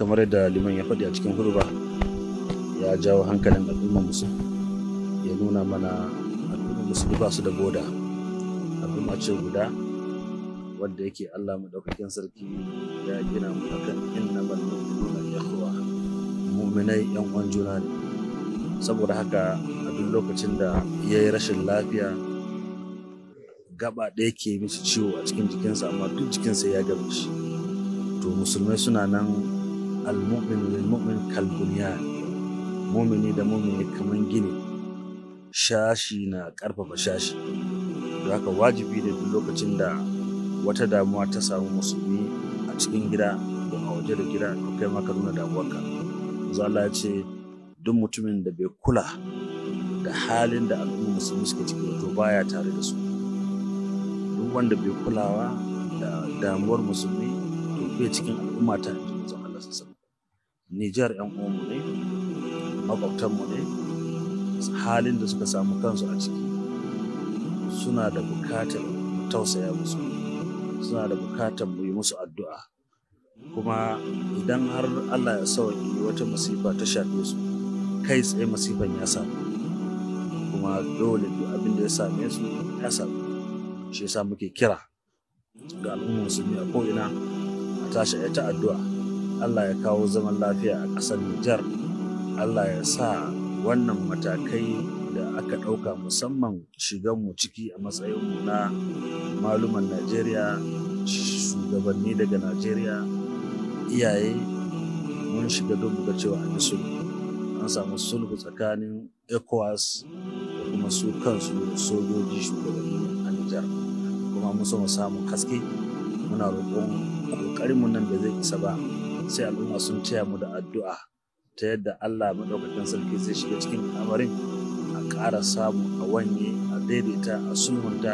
kamar da liman ya faɗi a cikin hurba ya jawo hankalin al'ummar musu ya nuna mana al'umma musu ba su da boda al'umma ce guda wadda yake Allah madaukakin sarki ya gina mu akan innamal ya ikhwa mu'minai yan uwan juna ne saboda haka a duk lokacin da ya yi rashin lafiya gaba ɗaya ke mishi ciwo a cikin jikinsa amma duk jikinsa ya gaba shi to musulmai suna nan al-mu'min lil mu'min mu'mini da mu'mini kamar gini shashi na karfafa shashi don haka wajibi da lokacin da wata damuwa ta samu musulmi a cikin gida da a waje da gida to kai ma ka nuna damuwarka manzo ya ce duk mutumin da bai kula da halin da al'umma musulmi suke ciki to baya tare da su duk wanda bai kulawa da damuwar musulmi to bai cikin al'umma ta manzo Allah sallallahu Nijar ‘yan uwanmu ne, maƙwabtanmu ne, halin da suka samu kansu a ciki suna da bukatar tausaya musu, suna da bukatar mu yi musu addu'a. Kuma idan har Allah ya sauƙi wata masifa ta shafe su, kai tsaye masifan ya samu. Kuma dole duk abin da ya same su ya samu. Shi yasa muke kira ga al'ummar musulmi a ko'ina a tashi ta addu'a. Allah ya kawo zaman lafiya a ƙasar Nijar Allah ya sa wannan matakai da aka ɗauka musamman shiganmu ciki a matsayinmu na maluman Najeriya shugabanni daga Najeriya iyaye mun shiga don ga cewa an sulhu an samu sulhu tsakanin ECOWAS da kuma su kansu sojoji shugabanni a Nijar kuma mun so mu samu haske muna roƙon ƙoƙarinmu nan da zai isa ba sai al'umma sun taya mu da addu'a ta yadda Allah maɗaukakin sarki zai shiga cikin al'amarin a ƙara samu a wanye a daidaita a sulhunta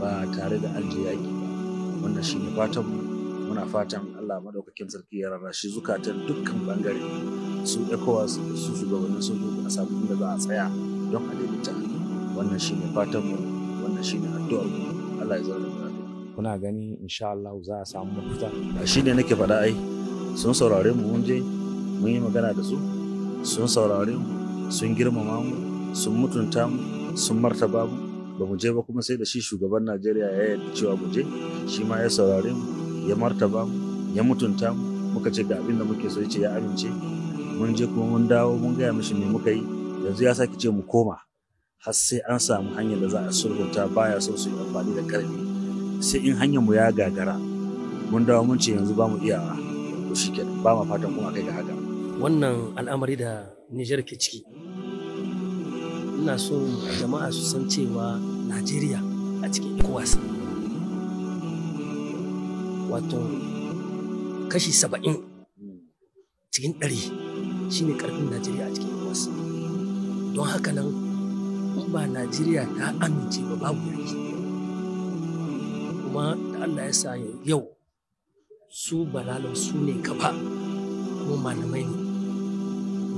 ba tare da an ji yaƙi ba wannan shi ne fatan mu muna fatan Allah maɗaukakin sarki ya rarrashi zukatan dukkan bangare su ECOWAS da su shugabannin sojoji a samu inda za a tsaya don a daidaita wannan shi ne fatan mu wannan shi ne addu'ar mu Allah ya zauna kuna gani insha Allah za a samu mafita shi ne nake faɗa ai sun saurare mu mun je mun yi magana da su sun saurare mu sun girmama mu sun mutunta mu sun martaba mu ba mu je ba kuma sai da shi shugaban najeriya ya yi cewa mu je shi ma ya saurare mu ya martaba mu ya mutunta mu muka ce ga abin da muke so ya ce ya amince mun je kuma mun dawo mun gaya mishi ne muka yi yanzu ya sake ce mu koma har sai an samu hanyar da za a sulhunta baya so su yi amfani da karfi sai in hanyar mu ya gagara mun dawo mun ce yanzu ba mu iyawa to shikenan ba ma fatan kuma kai ga haka wannan al'amari da Nijar ke ciki ina so jama'a su san cewa Najeriya a cikin ECOWAS wato kashi saba'in cikin ɗari ne ƙarfin Najeriya a cikin ECOWAS don haka nan in ba Najeriya ta amince ba babu yaki kuma da Allah ya sa yau su balalau su ne gaba kuma malamai ne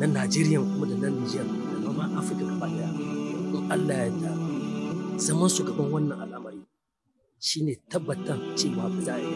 na najeriya kuma da na nijiyar da noma afirka gaba daya in allah ya yarda zaman su gaban wannan al'amari shine tabbatar cewa ba za a yi